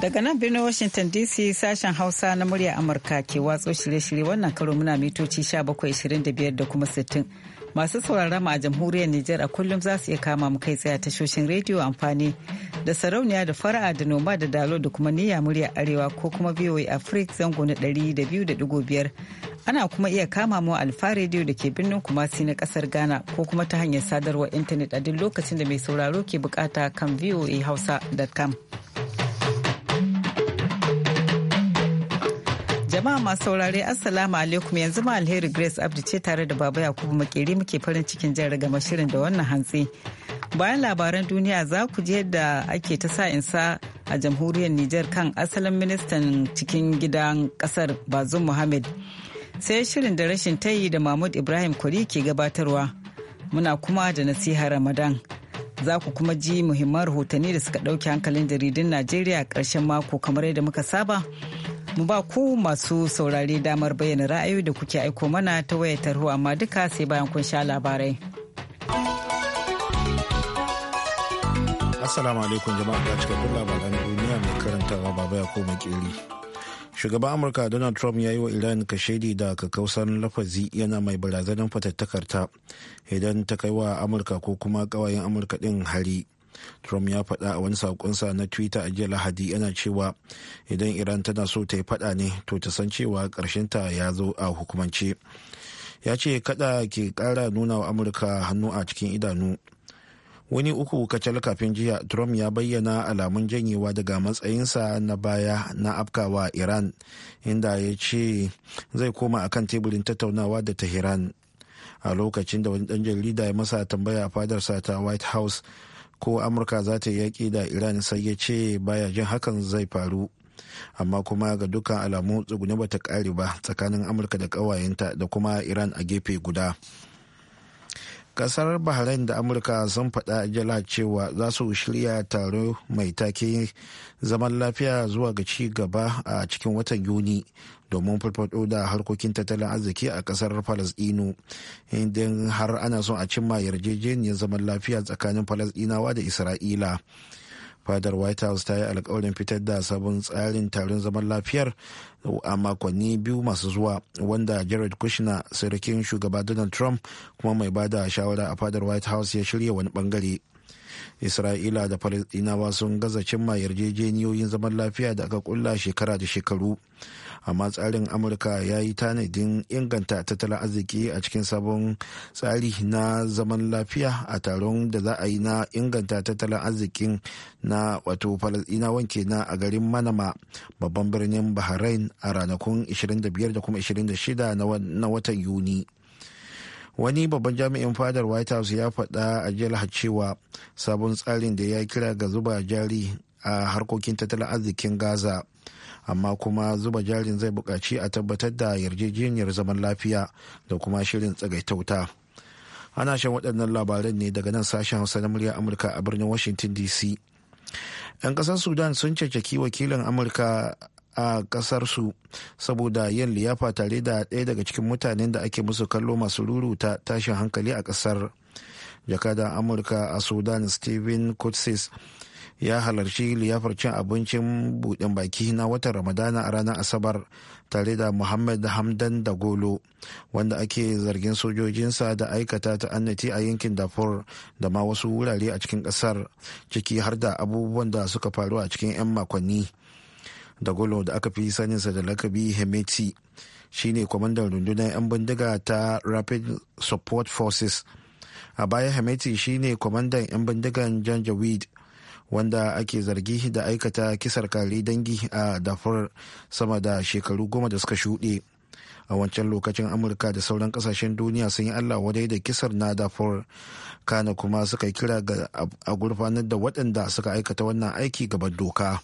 Daga nan birnin Washington DC sashen Hausa na murya Amurka ke watso shirye-shirye wannan karo muna mitoci 1725 da kuma 60. Masu sauraron mu a jamhuriyar Nijar a kullum za su iya kama mu kai tsaye tashoshin rediyo amfani da sarauniya da fara'a da noma da dalo da kuma niyya murya arewa ko kuma VOA Africa zango na 200.5. Ana kuma iya kama mu alfa rediyo da ke birnin Kumasi na kasar Ghana ko kuma ta hanyar sadarwar intanet a duk lokacin da mai sauraro ke bukata kan voahausa.com. Jama'a masu saurare Assalamu alaikum yanzu ma alheri Grace Abdi ce tare da Baba Yakubu Makeri muke farin cikin jan gama shirin da wannan hantsi. Bayan labaran duniya za ku je da ake ta sa in sa a jamhuriyar Nijar kan asalin ministan cikin gidan kasar Bazum Muhammad. Sai shirin da rashin tayi da Mahmud Ibrahim Kuri ke gabatarwa. Muna kuma da nasiha Ramadan. za ku kuma ji muhimman rahotanni da suka ɗauke hankalin jaridun Najeriya karshen mako kamar yadda muka saba. mu ba ku masu saurare damar bayyana ra'ayoyi da kuke aiko mana ta wayar tarho amma duka sai bayan kun sha labarai. Assalamu alaikum jama'a ga cikakkun labaran duniya mai karantawa baba ko makeri Shugaban Amurka Donald Trump ya yi wa Iran kashedi da kakausan lafazi yana mai barazanar fatattakarta idan ta kai wa Amurka ko kuma kawayen Amurka din hari. trump ya faɗa a wani saƙonsa na twitter a jiya lahadi yana cewa idan iran tana so ta yi faɗa ne to ta san cewa ta ya zo a hukumance ya ce kada ke ƙara nuna wa amurka hannu a cikin idanu wani uku kacal kafin jiya trump ya bayyana alamun janyewa daga matsayinsa na baya na afkawa iran inda ya ce zai koma akan teburin tattaunawa da tehran a lokacin da wani dan jarida ya masa tambaya a fadarsa ta white house ko amurka za ta yaƙi da iran sai ya ce baya jin hakan zai faru amma kuma ga dukkan alamu tsuguni ta ƙare ba tsakanin amurka da ƙawayenta da kuma iran a gefe guda kasar bahrain da amurka sun faɗa jala cewa za su shirya taro mai take zaman lafiya zuwa ga ci gaba a cikin watan yuni domin farfado da harkokin tattalin arziki a kasar falasdino idan har ana son a cimma yarjejeniyar zaman lafiya tsakanin falasdinawa da isra'ila fadar white house ta yi alkawarin fitar da sabon tsarin taron zaman lafiyar a makonni biyu masu zuwa wanda jared kushner sarkin shugaba donald trump kuma mai bada shawara a fadar white house ya shirya wani bangare. isra'ila da falasɗinawa sun gaza cimma yarjejeniyoyin zaman lafiya da aka kulla shekara da shekaru amma tsarin amurka ya yi tanadin inganta tattalin arziki a cikin sabon tsari na zaman lafiya a taron da za a yi na inganta tattalin arzikin na wato wanke na a garin manama babban birnin bahrain a ranakun 25 da kuma 26 na watan yuni wani babban jami'in fadar white house ya faɗa a jiya cewa sabon tsarin da ya kira ga zuba jari a harkokin tattalin arzikin gaza amma kuma zuba jarin zai buƙaci a tabbatar da yarjejeniyar zaman lafiya da kuma shirin tsagaitauta ana shan waɗannan labaran ne daga nan sashen hausa na murya amurka a birnin washington dc 'yan ƙasar sudan sun caccaki wakilin amurka a su saboda yin liyafa tare da ɗaya daga cikin mutanen da ake musu kallo masu ruruta tashin hankali a ƙasar jakadan amurka a sudan steven kutsis ya halarci liyafar cin abincin buɗin baki na watan ramadana a ranar asabar tare da muhammad hamdan da golo wanda ake zargin sojojinsa da aikata ta annati a yankin dafur da ma wasu wurare a cikin ƙasar ciki har da abubuwan da suka faru a cikin 'yan makonni da golo da aka fi saninsa da lakabi hemeti shine kwamandan rundunar 'yan bindiga ta rapid support forces a baya hemeti shine kwamandan 'yan bindigan janjaweed wanda ake zargi da aikata kisar kare dangi a dafur sama da shekaru goma da suka shuɗe a wancan lokacin amurka da sauran kasashen duniya sun yi allah wadai da kisar na dafur kana kuma suka kira ga a gurfanar da waɗanda suka aikata wannan aiki gaban doka.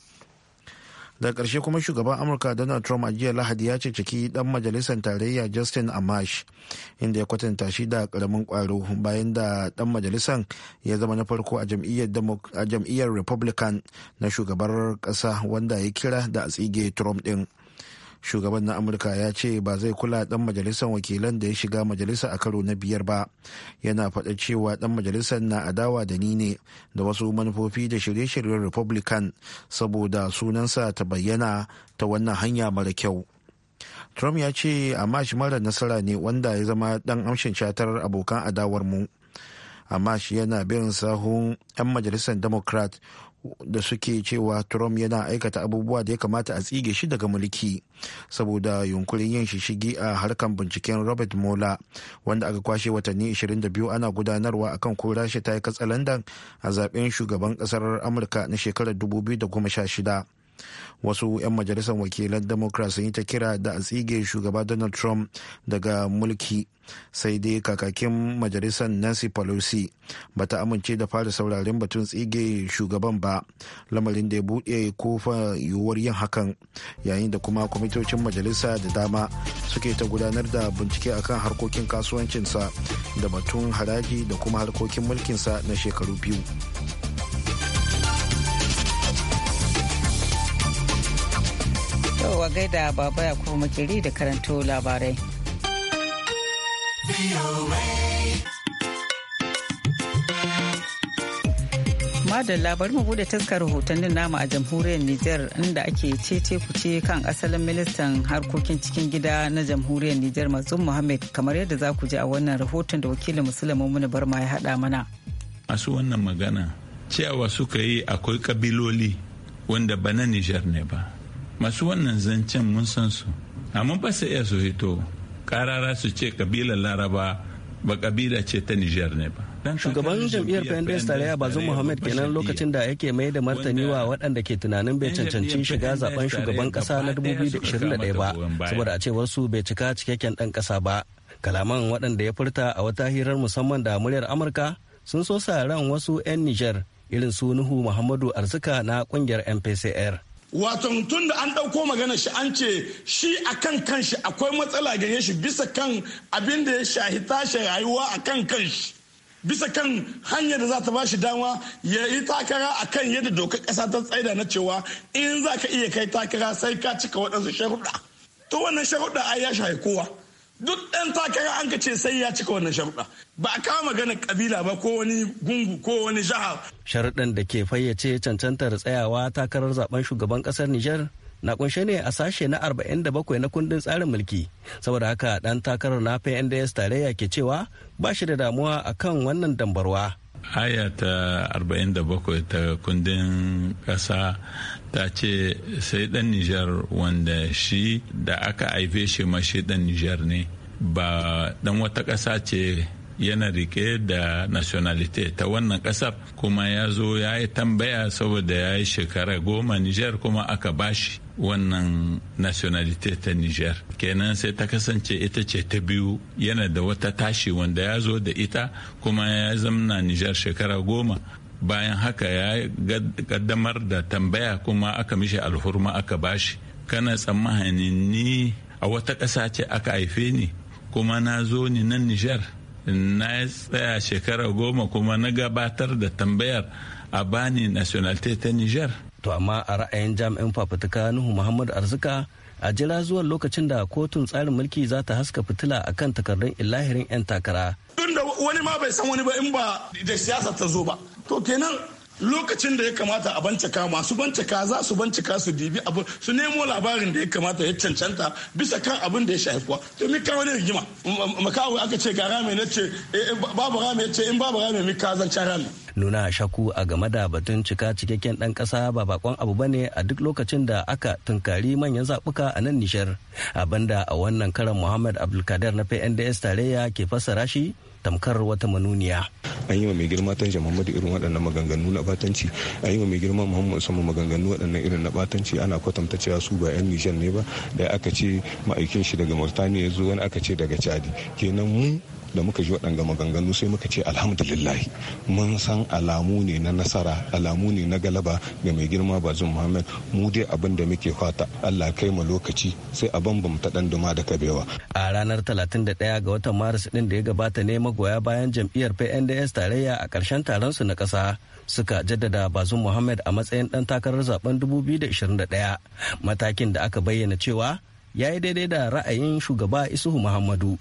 daga ƙarshe kuma shugaban amurka donald trump a jiya lahadi ya ciki dan majalisar tarayya justin amash inda ya kwatanta shi da karamin kwaro bayan da dan majalisar ya zama na farko a jam'iyyar republican na shugabar ƙasa wanda ya kira da a tsige trump din. shugaban na amurka ya ce ba zai kula dan majalisar wakilan da ya shiga majalisa a karo na biyar ba yana faɗa cewa dan majalisar na adawa da ni ne da wasu manufofi da shirye-shiryen republican saboda sunansa ta bayyana ta wannan hanya mara kyau trump ya ce amma shi mara nasara ne wanda ya zama dan amshin shatar abokan adawar mu amma shi yana bin sahun 'yan majalisar democrat da suke cewa Trump yana aikata abubuwa da ya kamata a tsige shi daga mulki saboda yunkurin yin shishigi a harkan binciken Robert Mueller wanda aka kwashe watanni 22 ana gudanarwa akan ko Rasha ta yi katsalandan a zaben shugaban kasar Amurka na shekarar 2016. wasu 'yan majalisar wakilan democrat sun yi ta kira da a tsige shugaba donald trump daga mulki sai dai kakakin majalisar nancy pelosi ba ta amince da fara saurarin batun tsige shugaban ba lamarin da ya buɗe kofa yiwuwar yin hakan yayin da kuma kwamitocin majalisa da dama suke ta gudanar da bincike akan harkokin kasuwancinsa da batun haraji da kuma harkokin mulkinsa na shekaru biyu Yau a gaida baba ya kuma makiri da karanto labarai. madalla bari mu bude taskar rahotannin nama a jamhuriyar Nijar inda ake cece kuce kan asalin ministan harkokin cikin gida na jamhuriyar Nijar Matsum Muhammad kamar yadda za ku ji a wannan rahoton da wakilin Musulun Mumunu Barma ya haɗa mana. Masu wannan magana cewa suka yi akwai kabiloli wanda ba na Nijar ne ba. masu wannan zancen mun san su amma ba su iya su hito karara su ce kabilar laraba ba kabila ce ta nijar ne ba shugaban jam'iyyar pendes tarayya bazum muhammad kenan lokacin da yake mai da martani wa waɗanda ke tunanin bai cancanci shiga zaben shugaban ƙasa na 2021 ba saboda a ce wasu bai cika cikakken ɗan ƙasa ba kalaman waɗanda ya furta a wata hirar musamman da muryar amurka sun so sa ran wasu 'yan nijar irin su nuhu muhammadu arzika na ƙungiyar mpcr wato tun da an ɗauko magana shi an ce shi a kan kanshi akwai matsala gare shi bisa kan abin da ya shahi tashi rayuwa a kan kanshi bisa kan hanyar da za ta ba shi dama ya yi takara a kan yadda dokar ƙasa ta tsaida na cewa in za ka iya kai takara sai ka cika waɗansu sharuɗa to wannan sharuɗa ai ya shahi kowa duk ɗan takara an ka ce sai ya cika wannan sharuɗa ba a kawo maganar kabila ba ko wani gungu ko wani jaha. sharuɗan da ke fayyace cancantar tsayawa takarar zaben shugaban ƙasar nijar na kunshe ne a sashe na arba'in 47 na kundin tsarin mulki saboda haka ɗan takarar na pnds tarayya ke cewa ba shi da damuwa akan wannan dambarwa aya ta 47 ta kundin ƙasa ta ce sai ɗan nijar wanda shi da aka haife shi mashi ɗan nijar ne ba ɗan wata ƙasa ce yana rike da nationality ta wannan kasar kuma ya zo ya yi tambaya saboda ya yi shekara goma niger kuma aka bashi wannan nationalite ta niger kenan sai ta kasance ita ce ta biyu yana da wata tashi wanda ya zo da ita kuma ya zamna niger shekara goma bayan haka ya kaddamar da tambaya kuma aka mishi alhurma aka bashi kana tsammanin ni a wata ƙasa ce aka haife ni kuma na zo ni nan nijar na tsaya shekara goma kuma na gabatar da tambayar a bani nationality ta niger to amma a ra'ayin jami'in fafutuka nuhu muhammad arzika a jira zuwan lokacin da kotun tsarin mulki za ta haska fitila a kan takardun ilahirin 'yan takara. Tunda wani ma bai san wani ba in ba da siyasa ta zo ba. To kenan lokacin da ya kamata a bancaka masu bancaka za su bancaka su dibi abu su nemo labarin da ya kamata ya cancanta bisa kan abin da ya shafi kuwa to mi kawo ne rigima makawo aka ce ga rame na ce e, e, babu rame ce in babu rame mi ka can rame nuna shaku a game da batun cika cikakken dan kasa ba bakon abu bane a duk lokacin da aka tunkari manyan zabuka a nan nishar abinda a wannan karan muhammad abdulkader na pnds tarayya ke fassara shi tamkar wata manuniya an yi wa mai girma tanja muhammadu irin waɗannan maganganu na batanci an yi wa mai girma muhammadu usman maganganu waɗannan irin na batanci ana kwatanta cewa su ba yan nijar ne ba da aka ce ma'aikin shi daga mauritania ya zo wani aka ce daga chadi kenan mu da muka ji waɗanga maganganu sai muka ce alhamdulillah mun san alamu ne na nasara alamu ne na galaba ga mai girma bazum muhammad mu dai abin da muke fata allah kai mu lokaci sai a bambamta dan duma da kabewa a ranar 31 ga watan maris din da ya gabata ne magoya bayan jam'iyyar pnds tarayya a karshen taron su na ƙasa suka jaddada bazum muhammad a matsayin dan takarar zaben 2021 matakin da aka bayyana cewa ya yi daidai da ra'ayin shugaba isuhu muhammadu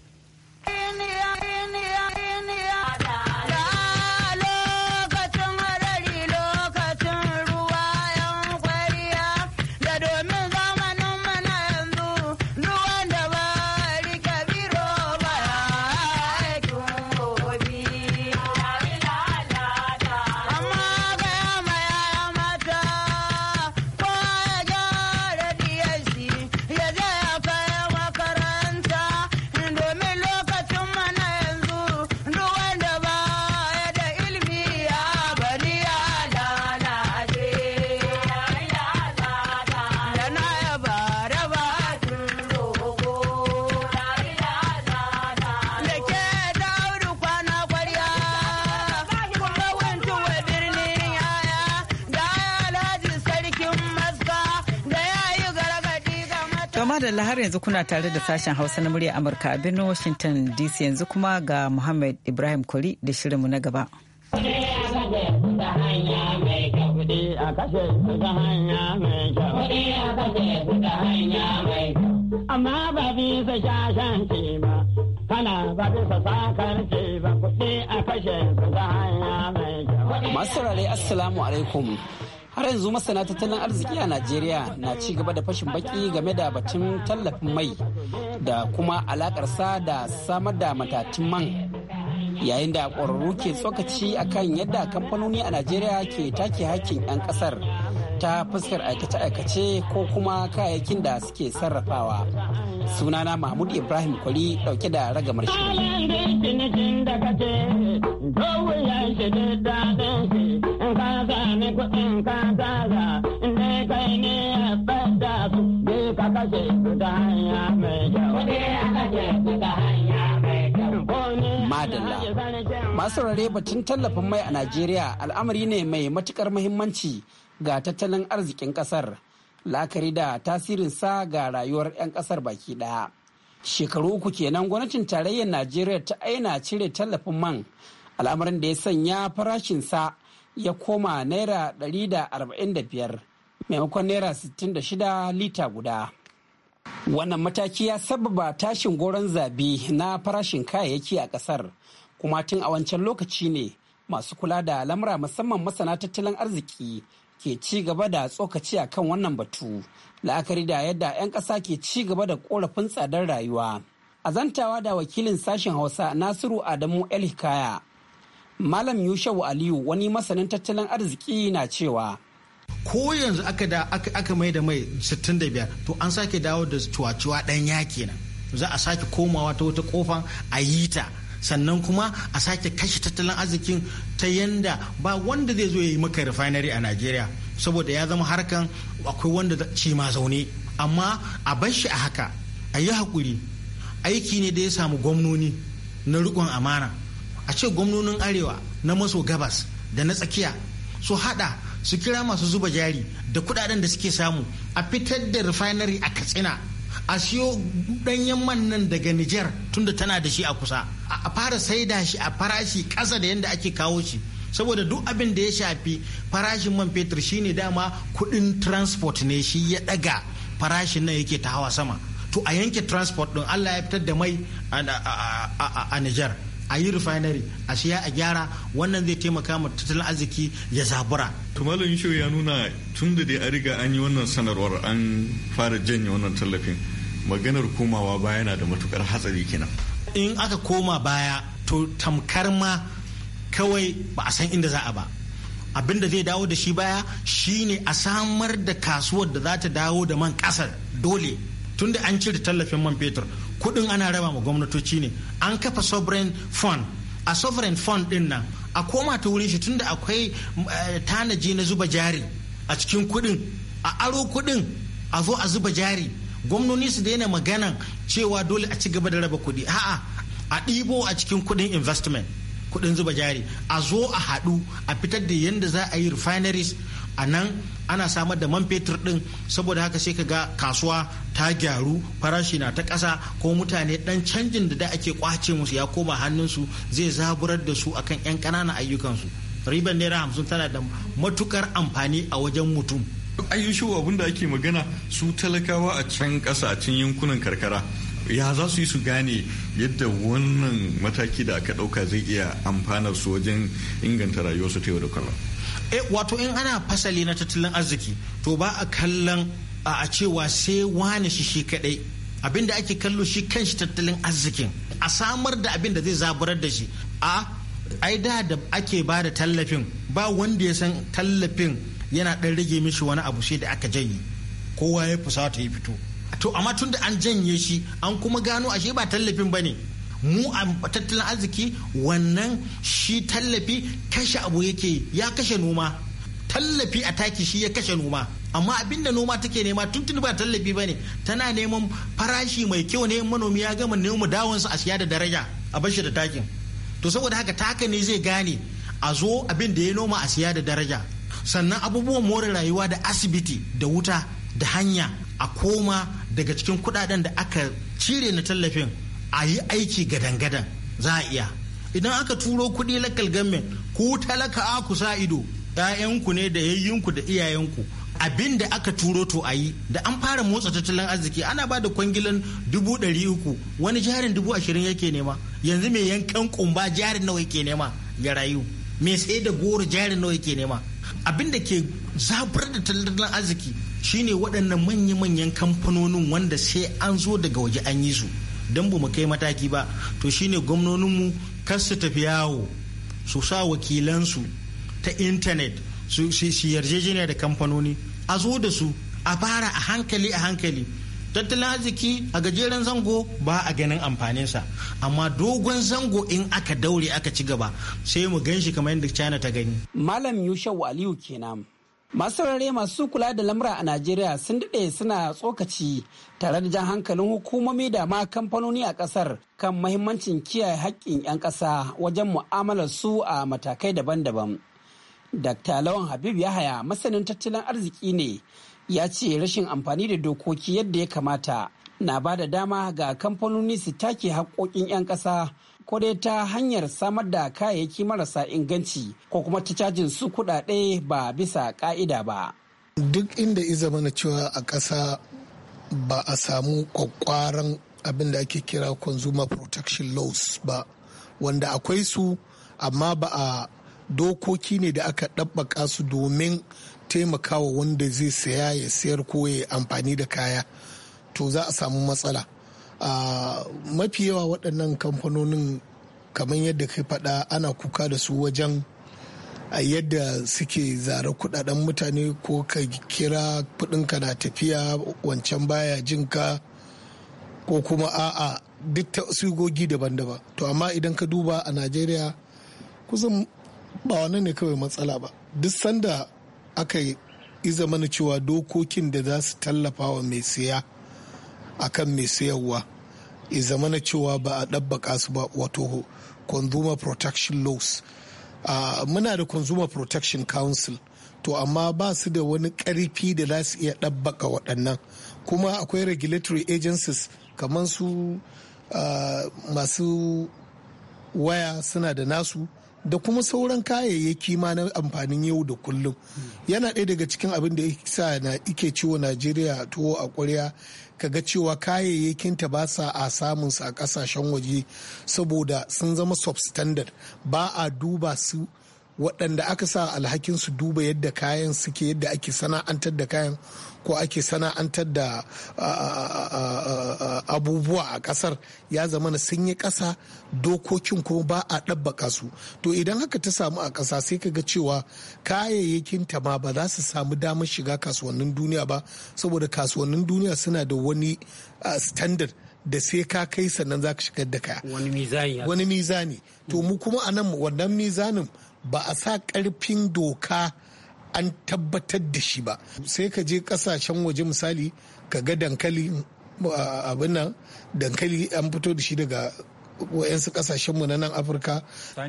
madalla har yanzu kuna tare da sashen hausa na murya amurka a birnin washington dc yanzu kuma ga muhammad ibrahim kori da shirinmu na gaba amma ba bisa shashan ce ba kana ba bisa sakar ce ba kuɗi a kashe su ta hanya mai kyau masu saurare assalamu alaikum har yanzu masana tattalin arziki a najeriya na ci gaba da fashin baki game da batun tallafin mai da kuma alakarsa da samar da matatun man yayin da ƙwararru ke tsokaci akan yadda kamfanoni a najeriya ke take hakkin 'yan ƙasar ta fuskar aikace-aikace ko kuma kayayyakin da suke sarrafawa sunana mahmud ibrahim Kwali dauke da ragamar Madalla. Masu rare batun tallafin mai a Najeriya al'amari ne mai matukar muhimmanci ga tattalin arzikin kasar la'akari da tasirinsa ga rayuwar 'yan kasar baki daya shekaru uku kenan gwamnatin tarayyar najeriya ta aina cire tallafin man al'amarin da ya sanya farashinsa ya koma naira 145 maimakon naira 66 lita guda wannan mataki ya sababa tashin goron zabi na farashin kayayyaki a kasar kuma tun a wancan lokaci ne masu kula da lamura musamman masana tattalin arziki ke ci gaba da tsokaci a kan wannan batu la'akari da yadda 'yan ƙasa ke ci gaba da korafin tsadar rayuwa a zantawa da wakilin sashen hausa nasiru adamu el hikaya malam yushau aliyu wani masanin tattalin arziki na cewa ko yanzu aka da aka mai da mai 65 to an sake dawo da cuwa dan ɗan ya za a sake komawa ta wata kofan a yi ta sannan kuma a sake kashe tattalin arzikin ta yanda ba wanda zai zo ya yi maka refinery a najeriya saboda ya zama harkan akwai wanda ci ma zaune amma a bar shi a haka a yi hakuri aiki ne da ya samu gwamnoni na rikon amana a ce gwamnonin arewa na maso gabas da na tsakiya su hada su kira masu zuba jari da kudaden da suke samu a fitar da refinery a katsina a siyo ɗanyen man nan daga Nijar tunda tana da shi a kusa a fara saida shi a farashi ƙasa da yadda ake kawo shi saboda duk abin da ya shafi farashin man fetur shine dama kuɗin transport ne shi ya ɗaga farashin nan yake ta hawa sama to a yanke transport ɗin Allah ya fitar da mai a Nijar. a yi refinery a siya a gyara wannan zai taimaka ma tattalin arziki ya zabura tumalin yisho ya nuna tun da dai a riga an yi wannan sanarwar an fara janye wannan tallafin maganar komawa baya na da matukar hatsari kenan in aka koma baya to tamkar ma kawai ba a san inda za a ba abin da zai dawo da shi baya shine a samar da kasuwar da za ta dawo da man kasar dole tunda an cire tallafin man fetur kudin ana raba ma gwamnatoci ne an kafa sovereign fund a sovereign fund din nan a koma ta wurin shi tunda akwai eh, tanaji na zuba jari a cikin kudin a aro kudin a zo a zuba jari gwamnoni su daina magana cewa dole a ci gaba da raba kudi a'a a ɗibo a cikin kudin investment kudin zuba jari a zo a haɗu a fitar da yadda za a yi refineries a nan ana samar da man fetur din saboda haka sai ka ga kasuwa ta gyaru farashi na ta ƙasa ko mutane dan canjin da da ake kwace musu ya koma hannunsu zai zaburar da su akan 'yan ƙananan ayyukansu ribar naira hamsin tana da matukar amfani a wajen mutum ayyushu abin da ake magana su talakawa a can ƙasa a can yankunan karkara ya za su yi su gane yadda wannan mataki da aka ɗauka zai iya amfanar su wajen inganta rayuwarsu ta yau da kullum Eh, wato in ana fasali na tattalin arziki to ba a kallon a cewa sai wane shi shi kadai abinda ake kallo shi kan shi tattalin arzikin a samar da abin da zai zaburar da shi a ai da da ake ba da tallafin ba wanda ya san tallafin yana dan rage mishi wani abu sai da aka janye kowa ya fusata ya fito to amma tun da an janye shi an kuma gano ashe ba tallafin ba ne mu a tattalin arziki wannan shi tallafi kashe abu yake ya kashe noma tallafi a taki shi ya kashe noma amma abinda noma take nema tun tun ba tallafi ba ne. tana neman farashi mai kyau ne manomi ya gama neman dawonsa a siya da daraja a bashi da takin to saboda haka taka ne zai gane a zo abin da ya noma a siya da daraja sannan abubuwan more rayuwa da asibiti da wuta da hanya a koma daga cikin kudaden da aka cire na tallafin a yi aiki gadan-gadan za a iya idan aka turo kuɗi lakal gamen ku talaka a ku sa ido ‘ya'yanku ne da yayyinku da iyayenku abin da aka turo to a yi da an fara motsa tattalin arziki ana ba da kwangilan dubu ɗari uku wani jarin dubu ashirin yake nema yanzu mai yankan kumba jarin nawa yake nema ya rayu mai sai da goro jarin nawa yake nema abin da ke zabar da tattalin arziki shine waɗannan manya-manyan kamfanonin wanda sai an zo daga waje an yi su don ba mu kai mataki ba to shine gwamnoninmu kar su tafi yawo su sa wakilansu ta intanet su yarjejeniya da kamfanoni a zo da su a fara a hankali a hankali tattalin arziki a gajeren zango ba a ganin amfaninsa amma dogon zango in aka daure aka ci gaba sai mu gan shi kamar yadda china ta gani malam yushau aliyu kenan masu saurare masu kula da lamura a najeriya sun daɗe suna tsokaci tare da jan hankalin hukumomi da ma kamfanoni a ƙasar kan mahimmancin kiyaye haƙƙin 'yan ƙasa wajen mu'amalar su a matakai daban-daban dr lawan habib yahaya masanin tattalin arziki ne ya ce rashin amfani da dokoki yadda ya kamata na ba da dama ga kamfanoni su take haƙƙoƙin 'yan ƙasa ko dai ta hanyar samar da kayayyaki marasa inganci ko kuma ta cajin su kudade ba bisa ka'ida ba. Duk inda iza mana cewa a ƙasa ba a samu kwakwaran abin da ake kira consumer protection laws ba wanda akwai su amma ba a dokoki ne da aka ɗabbaka su domin taimakawa wanda zai saya ya sayar ko ya amfani da kaya to za a samu matsala mafi yawa waɗannan kamfanonin kamar yadda kai faɗa ana kuka da su wajen a yadda suke zara kudaden mutane ko ka kira kudinka na tafiya wancan baya jinka ko kuma a'a duk ta sigogi daban-daban to amma idan ka duba a najeriya kusan ba wani ne kawai matsala ba duk sanda aka yi zamana cewa dokokin da za su tallafa wa mai siya akan mai sayarwa ya zama na cewa ba a ɗabbaka su ba wato consumer protection laws muna da consumer protection council to amma ba su da wani ƙarfi da za su iya ɗabbaka waɗannan kuma akwai regulatory agencies kamar su masu waya suna da nasu da kuma sauran kayayyaki ma na amfanin yau da kullum yana ɗaya daga cikin abin da sa na ike ciwo najeriya tuwo a ƙwarya ka ga cewa kayayyakinta ba sa a su a kasashen waje saboda sun zama substandard ba a duba su waɗanda aka sa alhakin su duba yadda kayan suke yadda ake sana'antar da kayan ko ake sana'antar da abubuwa a ƙasar ya zama na sun ƙasa dokokin kuma ba a ɗabbaka su to idan haka ta samu a ƙasa sai ka ga cewa kayayyakin ta ma ba za su samu damar shiga kasuwannin duniya ba saboda kasuwannin duniya suna da wani standard da sai ka kai sannan za ka shigar da kaya wani mizani to mu kuma a nan wannan mizanin ba a sa ƙarfin doka an tabbatar da shi ba sai ka je ƙasashen waje misali ka ga dankali abin nan dankali an fito da shi daga wayansu kasashenmu na nan afirka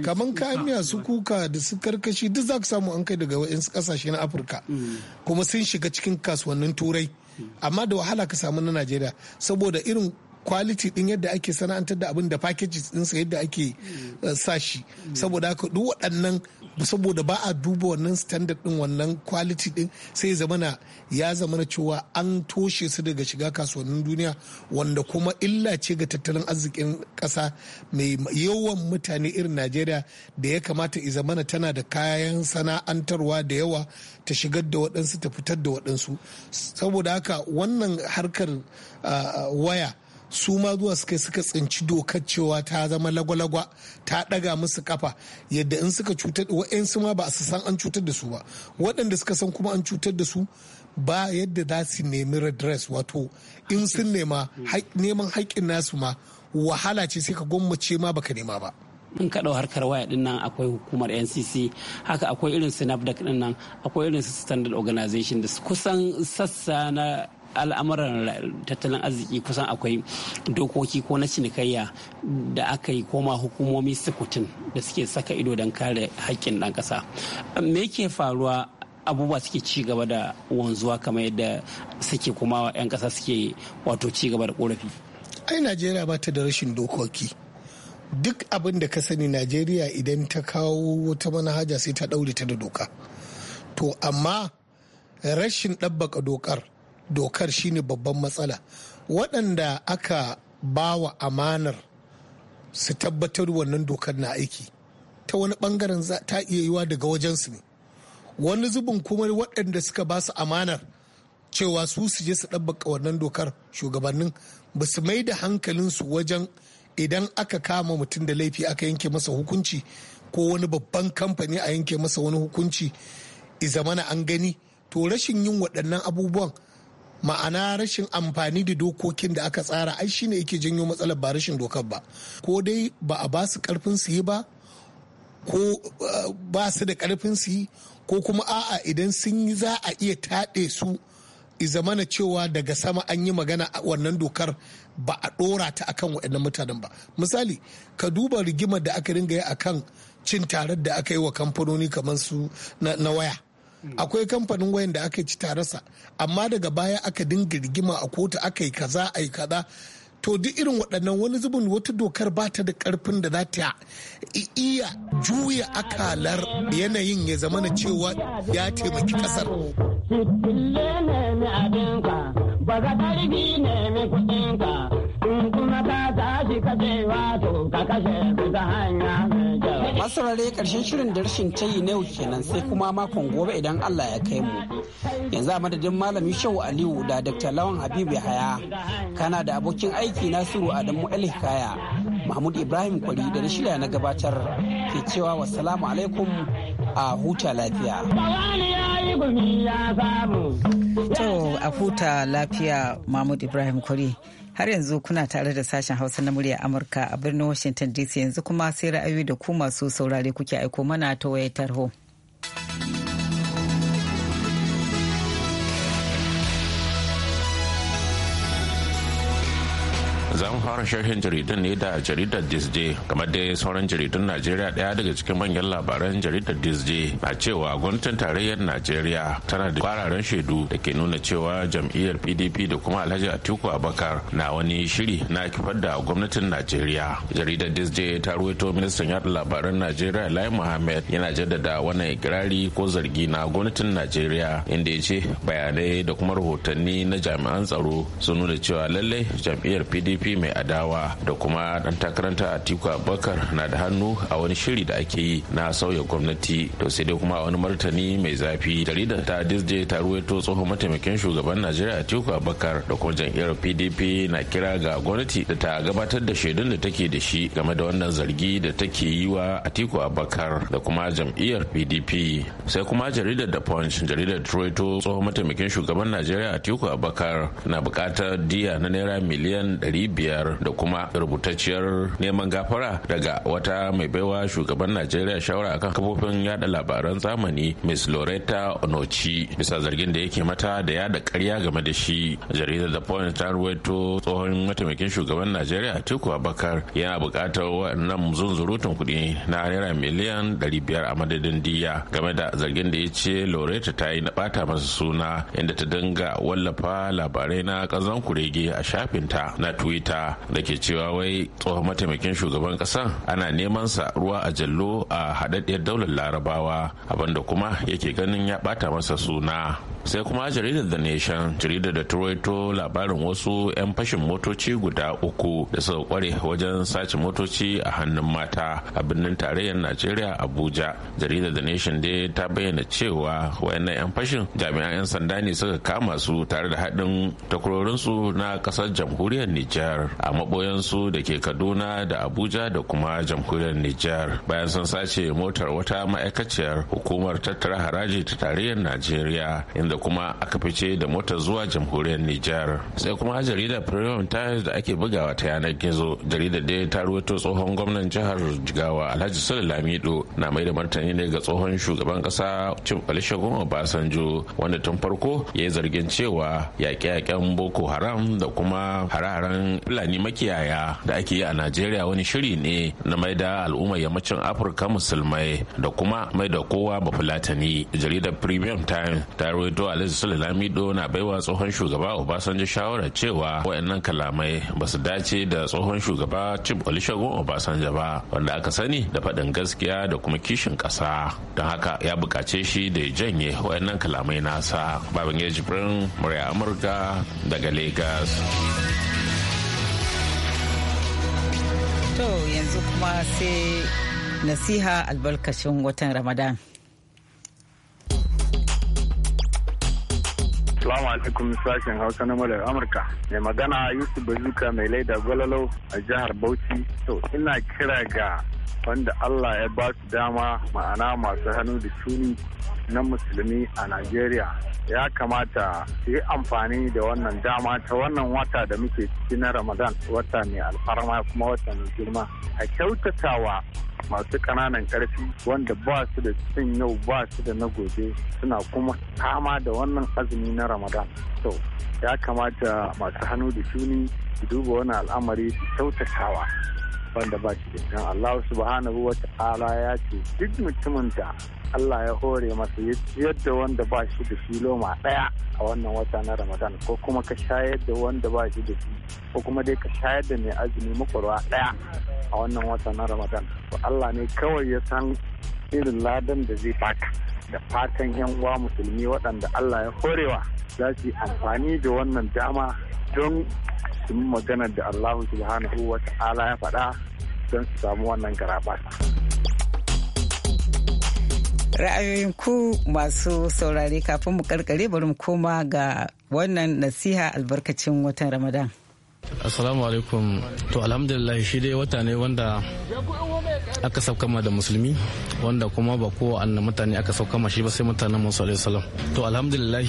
kamar kamiya su kuka da su karkashi duk za ka samu an kai daga wayansu kasashe na afirka mm. kuma sun shiga cikin kasuwannin turai mm. amma da wahala ka samu na najeriya saboda irin quality din yadda ake sana'antar da abin da packages dinsa yadda ake mm. eh, sa shi mm. saboda haka duk waɗannan saboda ba a duba wannan standard din wannan quality din sai zamana ya zamana cewa an toshe su daga shiga kasuwannin duniya wanda kuma illa ce ga tattalin arzikin ƙasa mai yawan mutane irin najeriya da ya kamata i zamana tana da kayan sana'antarwa da yawa ta shigar da waɗansu ta fitar da waɗansu saboda haka wannan harkar ah, waya su ma zuwa suka suka tsinci dokar cewa ta zama lagwalagwa ta daga musu kafa yadda in suka cutar wa'yansu ma ba su san an cutar da su ba waɗanda suka san kuma an cutar da su ba yadda za su nemi redress wato in sun nema neman haƙƙin nasu ma wahala ce sai ka gwammace ma baka nema ba. in ka harkar waya din nan akwai hukumar ncc haka akwai irin snapdac din nan akwai irin standard organization da kusan sassa na al'amuran tattalin arziki kusan akwai dokoki ko na cinikayya da aka yi koma hukumomi sukutun da suke saka ido don kare haƙƙin ɗan ƙasa me ke faruwa abubuwa suke ci gaba da wanzuwa kamar yadda suke kuma 'yan ƙasa suke wato ci gaba da ƙorafi ai najeriya ba ta da rashin dokoki duk abin da ka sani najeriya idan ta kawo wata manhaja sai ta ɗaure ta da doka to amma rashin ɗabbaka dokar dokar shine babban matsala waɗanda aka ba wa amanar su tabbatar wannan dokar na aiki ta wani bangaren ta iya yiwa daga wajensu ne wani zubin kuma waɗanda suka ba su amanar cewa su su je su ɗabbaka wannan dokar shugabannin ba su mai da hankalinsu wajen idan aka kama mutum da laifi aka yanke masa hukunci ko wani babban kamfani a yanke masa wani hukunci izamana an gani to rashin yin waɗannan abubuwan ma'ana rashin amfani da dokokin da aka tsara ai shine yake janyo matsalar ba rashin dokar ba ko dai ba a basu karfin su yi ba ko eh, ba su da karfin su yi ko kuma a'a idan sun yi za a iya taɗe su zamana cewa daga sama an yi magana a wannan dokar ba a ɗora ta akan waɗannan mutanen ba misali ka duba rigimar da aka ringa yi akan cin tarar da aka yi wa kamfanoni kamar su na waya Mm. akwai kamfanin wayan da aka ci tarasa amma daga baya aka dinga rigima a kotu aka yi kaza a yi kaza to duk irin waɗannan wani zubin wata dokar ba ta da ƙarfin da za ta iya juya akalar yanayin ya zama na cewa ya taimaki ƙasar. Ba ne mai kuma karshen shirin da rashin yi na yau kenan sai kuma makon gobe idan Allah ya kai mu. Yanzu a madadin malam Shehu Aliyu da Dr. Lawan Habibu Haya kana da abokin aiki Nasiru Adamu kaya Mahmud Ibrahim Kwari da shirya na gabatar ke cewa wassalamu alaikum a huta lafiya. To a huta lafiya Mahmud Ibrahim Kwari. har yanzu kuna tare da sashen hausa na murya amurka a birnin washington dc yanzu kuma sai ra'ayoyi da ku masu saurare kuke aiko mana ta wayar tarho. za fara sharhin jaridun ne da jaridar disney kamar dai sauran jaridun najeriya daya daga cikin manyan labaran jaridar disney a cewa gwamnatin tarayyar najeriya tana da kwararen shaidu da ke nuna cewa jam'iyyar pdp da kuma alhaji atiku abakar na wani shiri na kifar da gwamnatin najeriya jaridar disney ta ruwaito ministan yada labaran najeriya lai muhammad yana jaddada wannan ikirari ko zargi na gwamnatin najeriya inda ya ce bayanai da kuma rahotanni na jami'an tsaro sun nuna cewa lallai jam'iyyar pdp mai adawa da kuma dan takaranta atiku abubakar na da hannu a wani shiri da ake yi na sauya gwamnati to sai dai kuma a wani martani mai zafi jaridar ta Disde ta ruwaito tsohon mataimakin shugaban najeriya atiku abubakar da kuma jam'iyyar pdp na kira ga gwamnati da ta gabatar da shaidun da take da shi game da wannan zargi da take yi wa atiku abubakar da kuma jam'iyyar pdp sai kuma jaridar da punch jaridar troito tsohon mataimakin shugaban najeriya atiku abubakar na bukatar diya na naira miliyan biyar da kuma rubutacciyar neman gafara daga wata mai baiwa shugaban najeriya shawara akan kafofin yada labaran zamani miss loretta onochi bisa zargin da yake mata da yada karya game da shi jaridar da point ta ruwaito tsohon mataimakin shugaban najeriya tuku abakar yana bukatar wannan zunzurutun kuɗi na naira miliyan biyar a madadin diya game da zargin da ya ce loretta ta yi na bata masa suna inda ta dinga wallafa labarai na kazan kurege a shafinta na twitter ita da ke cewa wai tsohon mataimakin shugaban kasa ana neman sa ruwa a jallo a haɗaɗɗiyar daular larabawa abinda kuma yake ganin ya ɓata masa suna sai kuma jaridar the nation jaridar da turaito labarin wasu 'yan fashin motoci guda uku da suka kware wajen sace motoci a hannun mata a birnin tarayyar najeriya abuja jaridar the nation dai ta bayyana cewa wayannan 'yan fashin jami'an 'yan sanda ne suka kama su tare da haɗin takwarorinsu na ƙasar jamhuriyar nijar Nijar a maboyansu da ke Kaduna da Abuja da kuma jamhuriyar Nijar bayan sun sace motar wata ma'aikaciyar hukumar tattara haraji ta tarayyar Najeriya inda kuma aka fice da motar zuwa jamhuriyar Nijar. Sai kuma jaridar Premium Times da ake bugawa ta yanar gizo jaridar da ta ruwaito tsohon gwamnan jihar Jigawa Alhaji Sule Lamido na mai da martani ne ga tsohon shugaban kasa Chief Olusegun Obasanjo wanda tun farko ya yi zargin cewa yaƙe-yaƙen Boko Haram da kuma hare-haren fulani makiyaya da ake yi a najeriya wani shiri ne na maida al'ummar yammacin afirka musulmai da kuma mai da kowa bafulatani jaridar premium time ta rawaito alhaji sulalamido na baiwa tsohon shugaba obasanjo shawarar cewa waɗannan kalamai ba su dace da tsohon shugaba cib olusegun obasanjo ba wanda aka sani da faɗin gaskiya da kuma kishin ƙasa don haka ya buƙace shi da ya janye waɗannan kalamai nasa babin ya jibrin murya amurka daga lagos To yanzu kuma sai nasiha albarkashin watan Ramadan. Salamu alaikum sashen Hausa na Muryar Amurka. Mai magana Yusuf Bazuka mai laida gwalalo a jihar Bauchi. To ina kira ga wanda Allah ya ba su dama ma'ana masu hannu da shuni na musulmi a Najeriya ya kamata su yi amfani da wannan dama ta wannan wata da muke ciki na Ramadan wata mai alfarma kuma wata mai girma a kyautatawa masu kananan ƙarfi wanda ba su da cin yau ba su da na gobe suna kuma kama da wannan azumi na Ramadan. To ya kamata masu hannu da shuni su duba wani al'amari su kyautatawa wanda ba shi da Allah subhanahu wa ta'ala ya ce duk mutumin da Allah ya hore masa yadda wanda ba shi da filo ma ɗaya a wannan wata na Ramadan ko kuma ka shayar da wanda ba shi da filo ko kuma dai ka shayar da mai azumi makwarwa ɗaya a wannan wata na Ramadan. To Allah ne kawai ya san irin ladan da zai baka da fatan yan uwa musulmi waɗanda Allah ya horewa za su yi amfani da wannan dama don su maganar da Allah subhanahu wa ta'ala ya faɗa don su samu wannan garabata. ra'ayoyin ku masu saurare kafin mu karkare bari mu koma ga wannan nasiha albarkacin watan ramadan assalamu alaikum to alhamdulillah shi dai wata ne wanda aka ma da musulmi wanda kuma ba kowa anna mutane aka saukama shi ba sai mutanen musu alaihi salam to alhamdulillah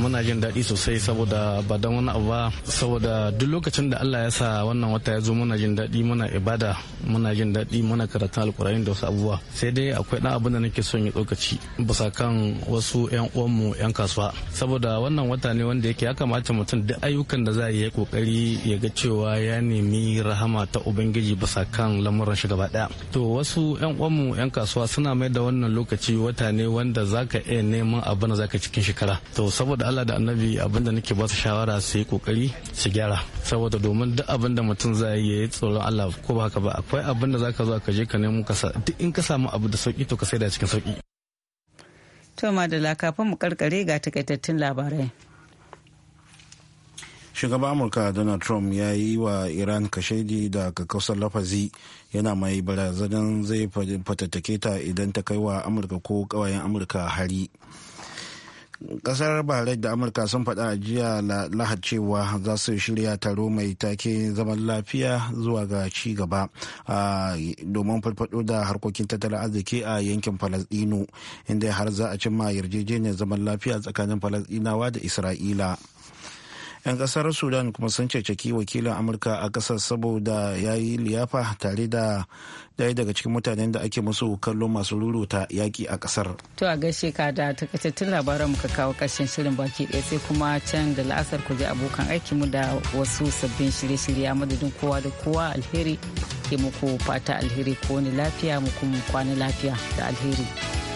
muna jin daɗi sosai saboda ba dan wani abu ba saboda duk lokacin da Allah ya sa wannan wata ya zo muna jin daɗi muna ibada muna jin daɗi muna karatun alkur'ani da wasu abubuwa sai dai akwai ɗan abin da nake son ya tsokaci bisa kan wasu 'yan uwanmu 'yan kasuwa saboda wannan wata ne wanda yake ya kamata mutum duk ayyukan da za a yi ya kokari ya ga cewa ya nemi rahama ta ubangiji basa kan lamuran shi gaba daya to wasu yan uwanmu yan kasuwa suna mai da wannan lokaci wata ne wanda zaka iya neman abin da zaka cikin shekara to saboda Allah da annabi abin da nake ba su shawara su yi kokari su gyara saboda domin duk abin da mutum zai yi tsoron Allah ko ba haka ba akwai abin da zaka zo ka je ka nemo ka duk in ka samu abu da sauki to ka da cikin sauki to madalla kafin mu karkare ga takaitattun labarai shugaban amurka donald trump ya yi wa iran kashedi da kakkausar lafazi yana mai barazanar zai fatattake ta idan ta kai wa amurka ko kawayen amurka hari kasar bahrain da amurka sun faɗa a jiya lahad cewa za su shirya taro mai take zaman lafiya zuwa ga ci gaba domin farfado da harkokin tattalin arziki a yankin falasdino inda har za a cimma yarjejeniyar zaman lafiya tsakanin falasdinawa da isra'ila 'yan kasar sudan kuma sun ceceki wakilin amurka a kasar saboda ya yi liyafa tare da daya daga cikin mutanen da ake musu kallo masu ruruta yaki a kasar to a gaishe ka da takaitattun labaran muka kawo karshen shirin baki daya sai kuma can da la'asar kuje je abokan mu da wasu sabbin shirye-shirye a madadin kowa da kowa alheri ke muku fata alheri ko wani lafiya mu kuma kwana lafiya da alheri